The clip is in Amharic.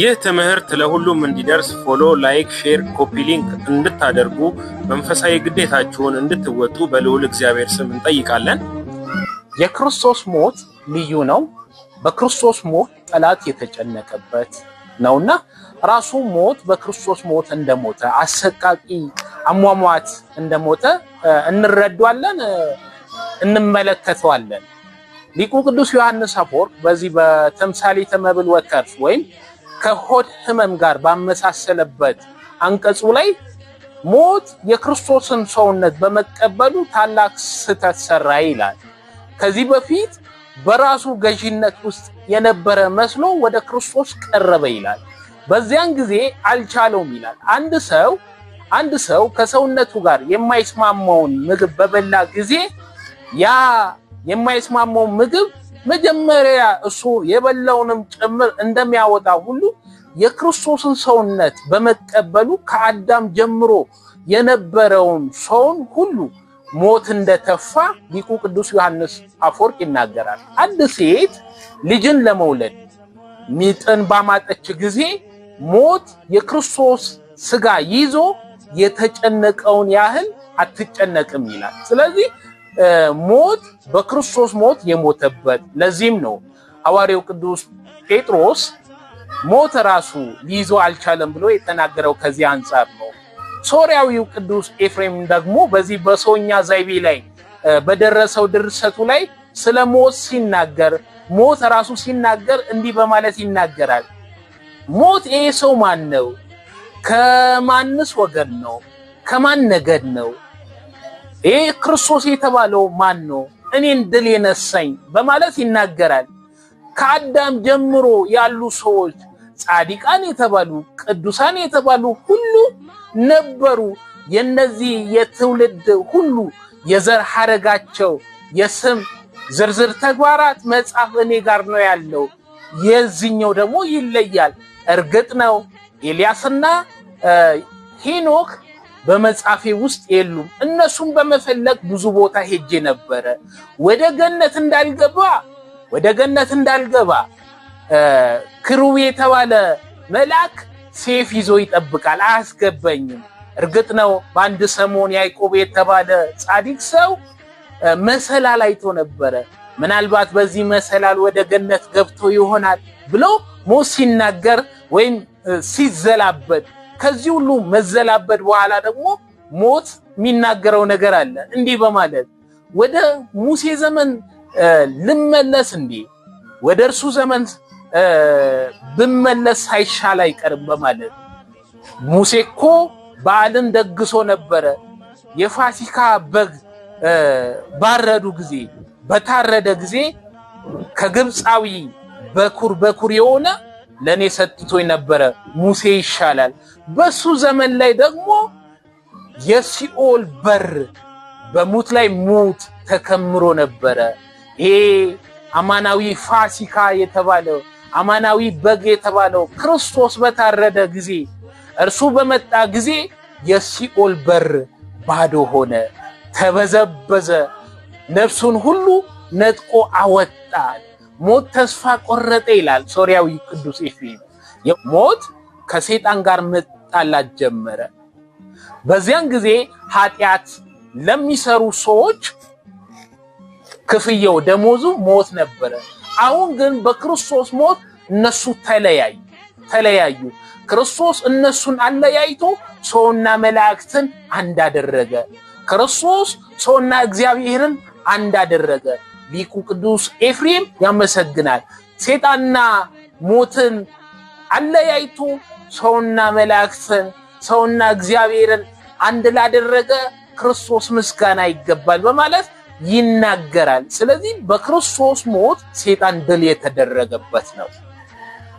ይህ ትምህርት ለሁሉም እንዲደርስ ፎሎ፣ ላይክ፣ ሼር፣ ኮፒ ሊንክ እንድታደርጉ መንፈሳዊ ግዴታችሁን እንድትወጡ በልዑል እግዚአብሔር ስም እንጠይቃለን። የክርስቶስ ሞት ልዩ ነው። በክርስቶስ ሞት ጠላት የተጨነቀበት ነውና ራሱ ሞት በክርስቶስ ሞት እንደሞተ አሰቃቂ አሟሟት እንደሞተ እንረዳዋለን፣ እንመለከተዋለን። ሊቁ ቅዱስ ዮሐንስ አፈወርቅ በዚህ በተምሳሌተ መብል ወከርስ ወይም ከሆድ ህመም ጋር ባመሳሰለበት አንቀጹ ላይ ሞት የክርስቶስን ሰውነት በመቀበሉ ታላቅ ስህተት ሰራ ይላል። ከዚህ በፊት በራሱ ገዢነት ውስጥ የነበረ መስሎ ወደ ክርስቶስ ቀረበ ይላል። በዚያን ጊዜ አልቻለውም ይላል። አንድ ሰው አንድ ሰው ከሰውነቱ ጋር የማይስማማውን ምግብ በበላ ጊዜ ያ የማይስማማውን ምግብ መጀመሪያ እሱ የበላውንም ጭምር እንደሚያወጣ ሁሉ የክርስቶስን ሰውነት በመቀበሉ ከአዳም ጀምሮ የነበረውን ሰውን ሁሉ ሞት እንደተፋ ሊቁ ቅዱስ ዮሐንስ አፈወርቅ ይናገራል። አንድ ሴት ልጅን ለመውለድ ሚጥን ባማጠች ጊዜ ሞት የክርስቶስ ስጋ ይዞ የተጨነቀውን ያህል አትጨነቅም ይላል። ስለዚህ ሞት በክርስቶስ ሞት የሞተበት። ለዚህም ነው ሐዋርያው ቅዱስ ጴጥሮስ ሞት ራሱ ሊይዘው አልቻለም ብሎ የተናገረው ከዚህ አንጻር ነው። ሶርያዊው ቅዱስ ኤፍሬም ደግሞ በዚህ በሰውኛ ዘይቤ ላይ በደረሰው ድርሰቱ ላይ ስለ ሞት ሲናገር ሞት ራሱ ሲናገር እንዲህ በማለት ይናገራል። ሞት ይሄ ሰው ማን ነው? ከማንስ ወገን ነው? ከማን ነገድ ነው? ይህ ክርስቶስ የተባለው ማን ነው? እኔን ድል የነሳኝ በማለት ይናገራል። ከአዳም ጀምሮ ያሉ ሰዎች ጻድቃን የተባሉ ቅዱሳን የተባሉ ሁሉ ነበሩ። የነዚህ የትውልድ ሁሉ የዘር ሐረጋቸው የስም ዝርዝር ተግባራት መጽሐፍ እኔ ጋር ነው ያለው። የዚህኛው ደግሞ ይለያል። እርግጥ ነው ኤልያስና ሄኖክ በመጻፌ ውስጥ የሉም። እነሱን በመፈለግ ብዙ ቦታ ሄጄ ነበረ። ወደ ገነት እንዳልገባ ወደ ገነት እንዳልገባ ክሩብ የተባለ መልአክ ሴፍ ይዞ ይጠብቃል፣ አያስገባኝም። እርግጥ ነው በአንድ ሰሞን ያዕቆብ የተባለ ጻድቅ ሰው መሰላል አይቶ ነበረ። ምናልባት በዚህ መሰላል ወደ ገነት ገብቶ ይሆናል ብሎ ሞት ሲናገር ወይም ሲዘላበት ከዚህ ሁሉ መዘላበድ በኋላ ደግሞ ሞት የሚናገረው ነገር አለ። እንዲህ በማለት ወደ ሙሴ ዘመን ልመለስ እንዴ? ወደ እርሱ ዘመን ብመለስ ሳይሻል አይቀርም በማለት ሙሴ እኮ በዓልን ደግሶ ነበረ። የፋሲካ በግ ባረዱ ጊዜ በታረደ ጊዜ ከግብፃዊ በኩር በኩር የሆነ ለእኔ ሰጥቶኝ ነበረ፣ ሙሴ ይሻላል። በሱ ዘመን ላይ ደግሞ የሲኦል በር በሙት ላይ ሙት ተከምሮ ነበረ። ይሄ አማናዊ ፋሲካ የተባለው አማናዊ በግ የተባለው ክርስቶስ በታረደ ጊዜ እርሱ በመጣ ጊዜ የሲኦል በር ባዶ ሆነ፣ ተበዘበዘ፣ ነፍሱን ሁሉ ነጥቆ አወጣ። ሞት ተስፋ ቆረጠ ይላል ሶሪያዊ ቅዱስ ኤፍሬም። ሞት ከሰይጣን ጋር መጣላት ጀመረ። በዚያን ጊዜ ኃጢአት ለሚሰሩ ሰዎች ክፍያው ደሞዙ ሞት ነበረ። አሁን ግን በክርስቶስ ሞት እነሱ ተለያዩ ተለያዩ። ክርስቶስ እነሱን አለያይቶ ሰውና መላእክትን አንድ አደረገ። ክርስቶስ ሰውና እግዚአብሔርን አንድ አደረገ። ሊቁ ቅዱስ ኤፍሬም ያመሰግናል። ሴጣንና ሞትን አለያይቱ ሰውና መላእክትን ሰውና እግዚአብሔርን አንድ ላደረገ ክርስቶስ ምስጋና ይገባል በማለት ይናገራል። ስለዚህ በክርስቶስ ሞት ሴጣን ድል የተደረገበት ነው።